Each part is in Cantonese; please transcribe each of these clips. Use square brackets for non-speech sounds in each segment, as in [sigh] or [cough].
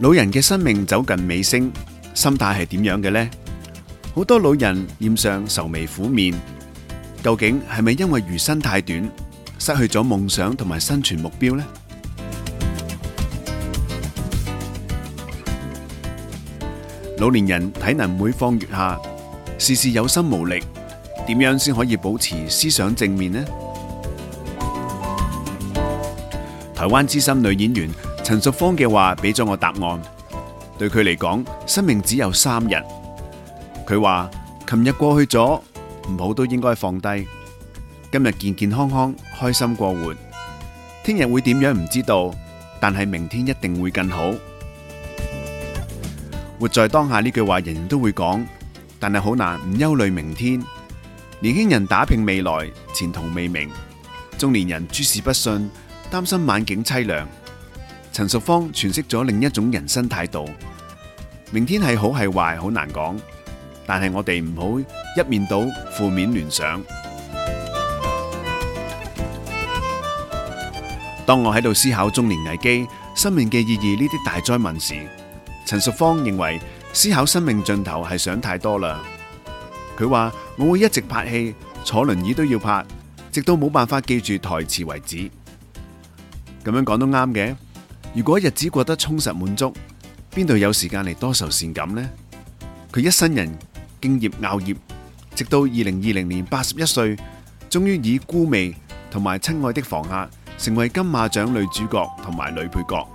老人嘅生命走近尾聲，心態係點樣嘅呢？好多老人面上愁眉苦面，究竟係咪因為餘生太短，失去咗夢想同埋生存目標呢？老年人體能每況愈下，事事有心無力，點樣先可以保持思想正面呢？台灣資深女演員。陳淑芳嘅話俾咗我答案，對佢嚟講，生命只有三日。佢話：琴日過去咗，唔好都應該放低；今日健健康康，開心過活，聽日會點樣唔知道，但係明天一定會更好。活在當下呢句話，人人都會講，但係好難唔憂慮明天。年輕人打拼未來，前途未明；中年人諸事不順，擔心晚景淒涼。陳淑芳詮釋咗另一種人生態度。明天係好係壞，好難講。但係我哋唔好一面倒，負面聯想。當我喺度思考中年危機、生命嘅意義呢啲大哉問時，陳淑芳認為思考生命盡頭係想太多啦。佢話我會一直拍戲，坐輪椅都要拍，直到冇辦法記住台詞為止。咁樣講都啱嘅。如果日子過得充實滿足，邊度有時間嚟多愁善感呢？佢一生人敬業樂業，直到二零二零年八十一歲，終於以孤味同埋親愛的房客，成為金馬獎女主角同埋女配角。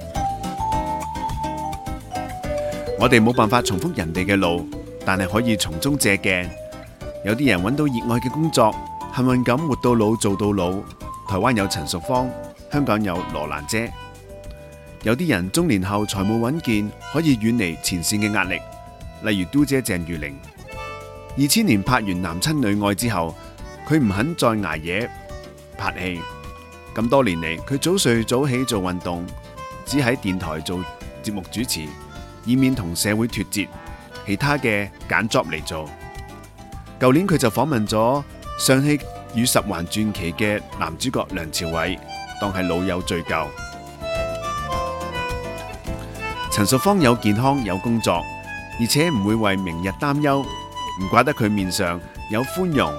[music] 我哋冇辦法重複人哋嘅路，但係可以從中借鏡。有啲人揾到熱愛嘅工作，幸運咁活到老做到老。台灣有陳淑芳。香港有羅蘭姐，有啲人中年後財務穩健，可以遠離前線嘅壓力，例如嘟姐鄭裕玲。二千年拍完《男親女愛》之後，佢唔肯再捱夜拍戲。咁多年嚟，佢早睡早起做運動，只喺電台做節目主持，以免同社會脫節。其他嘅揀 job 嚟做。舊年佢就訪問咗尚氣與十環傳奇嘅男主角梁朝偉。當係老友敘舊，陳淑芳有健康，有工作，而且唔會為明日擔憂，唔怪得佢面上有歡容。